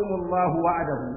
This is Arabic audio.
الله وعده